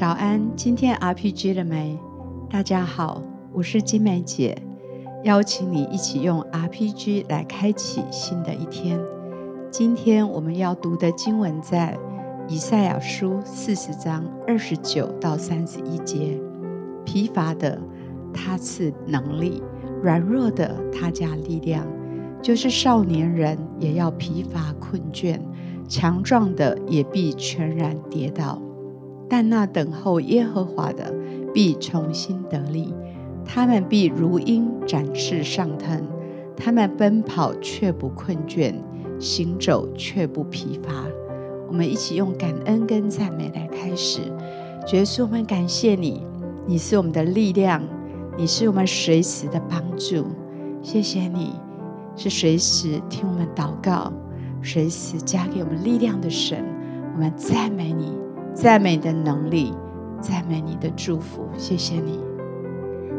早安，今天 RPG 了沒？大家好，我是晶玫姊，邀請你一起用 RPG 來開啟新的一天。今天我們要讀的經文在以賽亞書四十章二十九到三十一節：疲乏的他賜能力，軟弱的他加力量，就是少年人也要疲乏困倦，強壯的也必全然跌倒。但那等候耶和華的必從新得力，他們必如鷹展翅上騰，他們奔跑卻不困倦，行走卻不疲乏。我們一起用感恩跟讚美來開始。主耶穌，我們感謝你，你是我們的力量，你是我們隨時的幫助。謝謝你，是隨時聽我們禱告、隨時加給我們力量的神。我們讚美你。讚美的能力，讚美你的祝福，謝謝你，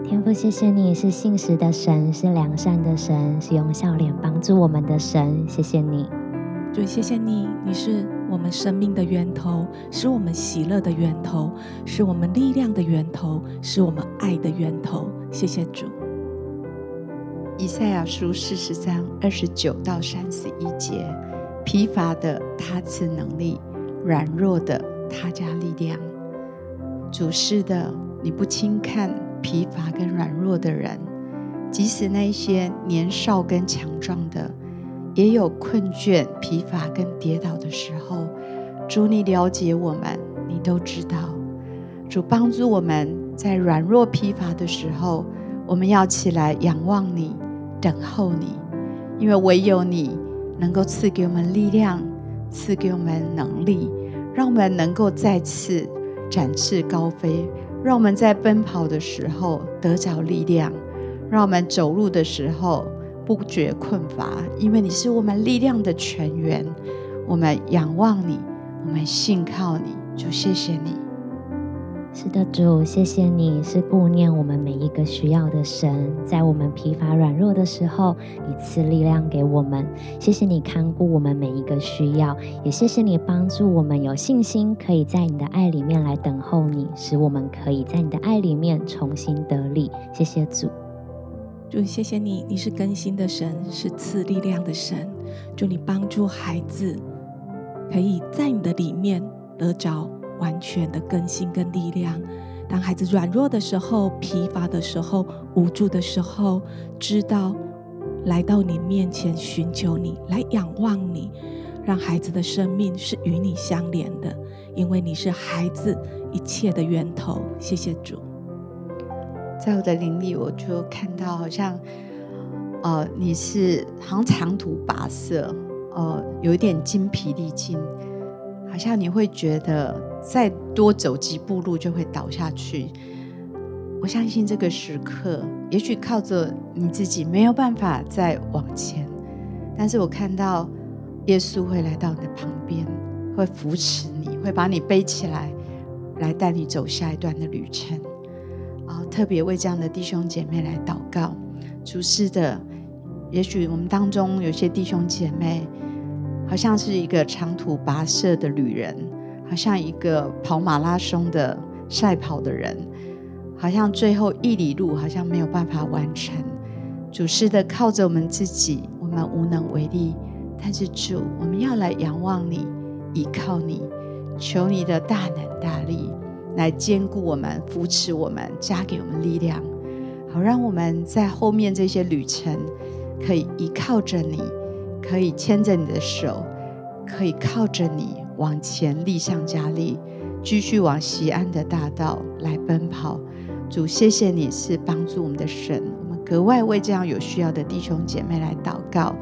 天父，謝謝你，是信實的神，是良善的神，是用笑臉幫助我們的神，謝謝你，主，謝謝你，你是我們生命的源頭，是我們喜樂的源頭，是我們力量的源頭，是我們愛的源頭，謝謝主。以賽亞書四十章二十九到三十一節，疲乏的，他賜能力，軟弱的，他加力量，主是的，你不輕看疲乏跟軟弱的人，即使那些年少跟強壯的，也有困倦、疲乏跟跌倒的時候。主，你了解我們，你都知道。主幫助我們在軟弱、疲乏的時候，我們要起來仰望你，等候你，因為唯有你能夠賜給我們力量，賜給我們能力。讓我們能夠再次展翅高飛，讓我們在奔跑的時候得着力量，讓我們走路的時候不覺困乏，因為你是我們力量的泉源。我們仰望你，我們信靠你，就謝謝你。是的，主，謝謝你是顧念我們每一個需要的神，在我們疲乏軟弱的時候，你賜力量給我們。謝謝你看顧我們每一個需要，也謝謝你幫助我們有信心，可以在你的愛裡面來等候你，使我們可以在你的愛裡面重新得力。謝謝主，主，謝謝你，你是更新的神，是賜力量的神。祝你幫助孩子，可以在你的裡面得着。完全的更新跟力量。當孩子軟弱的時候、疲乏的時候、無助的時候，知道來到你面前尋求你，來仰望你，讓孩子的生命是與你相連的，因為你是孩子一切的源頭。謝謝主。在我的靈裡，我就看到好像，哦、呃，你是好像長途跋涉，哦、呃，有一點精疲力盡。好像你會覺得再多走幾步路就會倒下去。我相信這個時刻，也許靠着你自己沒有辦法再往前，但是我看到耶穌會來到你的旁邊，會扶持你，會把你背起來，來帶你走下一段的旅程。啊，特別為這樣的弟兄姐妹來禱告。主是的，也許我們當中有些弟兄姐妹，好像是一個長途跋涉的旅人，好像一個跑馬拉松的賽跑的人，好像最後一里路好像沒有辦法完成。主是的，靠着我們自己，我們無能為力。但是主，我們要來仰望你，依靠你，求你的大能大力來堅固我們、扶持我們、加給我們力量，好讓我們在後面這些旅程可以依靠着你。可以牽着你的手，可以靠着你往前力上加力，繼續往錫安的大道來奔跑。主，謝謝你是幫助我們的神，我們格外為這樣有需要的弟兄姐妹來禱告。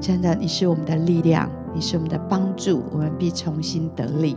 真的，你是我們的力量，你是我們的幫助，我們必重新得力。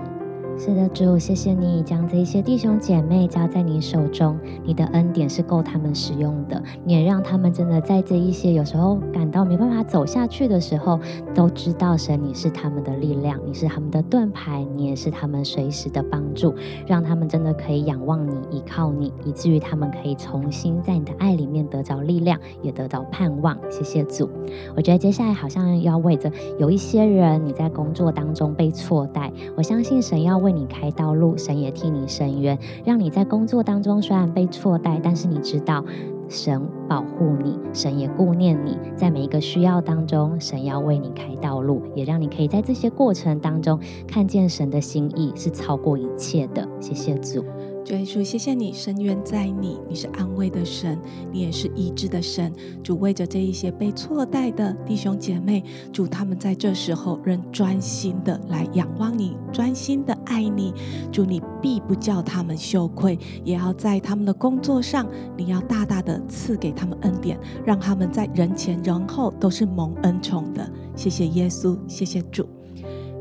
是的，主，謝謝你將這些弟兄姐妹交在你手中。你的恩典是夠他們使用的，你也讓他們真的在這一些有時候感到沒辦法走下去的時候，都知道神你是他們的力量，你是他們的盾牌，你也是他們隨時的幫助，讓他們真的可以仰望你、依靠你，以至於他們可以重新在你的愛裡面得着力量，也得到盼望。謝謝主，我覺得接下來好像要為着有一些人你在工作當中被錯待，我相信神要為。為你開道路，神也替你伸冤，讓你在工作當中雖然被錯待，但是你知道神保護你，神也顧念你，在每一個需要當中，神要為你開道路，也讓你可以在這些過程當中看見神的心意是超過一切的。謝謝主。主耶穌，謝謝你，深淵在你，你是安慰的神，你也是醫治的神。主為着這一些被錯待的弟兄姐妹，主他們在這時候仍專心的來仰望你，專心的愛你。主你必不叫他們羞愧，也要在他們的工作上，你要大大的賜給他們恩典，讓他們在人前人後都是蒙恩寵的。謝謝耶穌，謝謝主。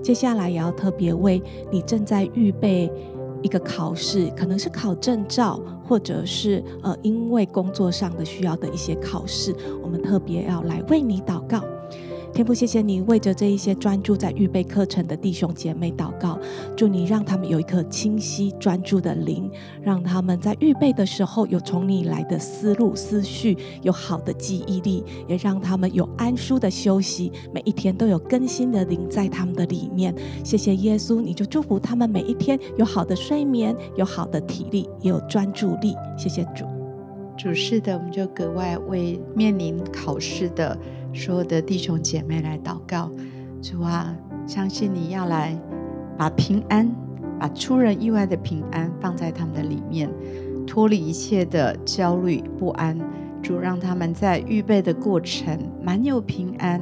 接下來也要特別為你正在預備一個考試，可能是考證照，或者是呃，因為工作上的需要的一些考試，我們特別要來為你禱告。天父，謝謝你為着這一些專注在預備課程的弟兄姐妹禱告，祝你讓他們有一顆清晰專注的靈，讓他們在預備的時候有從你來的思路思緒，有好的記憶力，也讓他們有安舒的休息，每一天都有更新的靈在他們的裡面。謝謝耶穌，你就祝福他們每一天有好的睡眠，有好的體力，也有專注力。謝謝主，主是的，我們就格外為面臨考試的。所有的弟兄姐妹來禱告，主啊，相信你要來把平安，把出人意外的平安放在他們的裡面，脫離一切的焦慮不安。主讓他們在預備的過程滿有平安。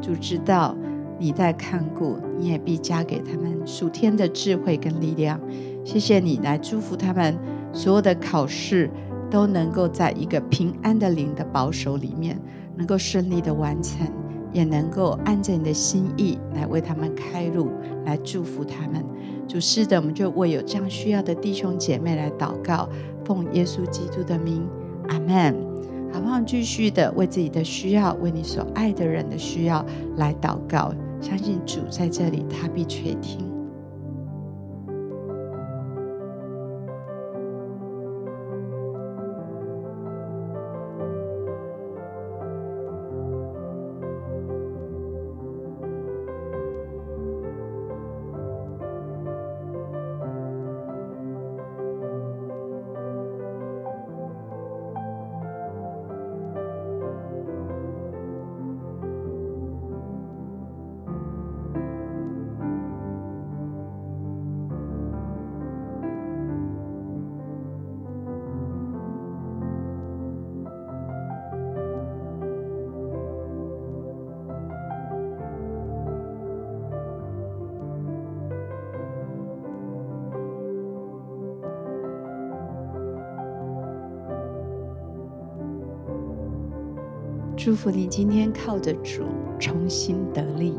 主知道你在看顧，你也必加給他們屬天的智慧跟力量。謝謝你來祝福他們，所有的考試都能夠在一個平安的靈的保守裡面能夠順利的完成，也能夠按着你的心意來為他們開路，來祝福他們。主是的，我們就為有這樣需要的弟兄姐妹來禱告，奉耶穌基督的名，阿門。好不好，繼續的為自己的需要，為你所愛的人的需要來禱告。相信主在這裡，他必垂聽。祝福你今天靠着主，重新得力。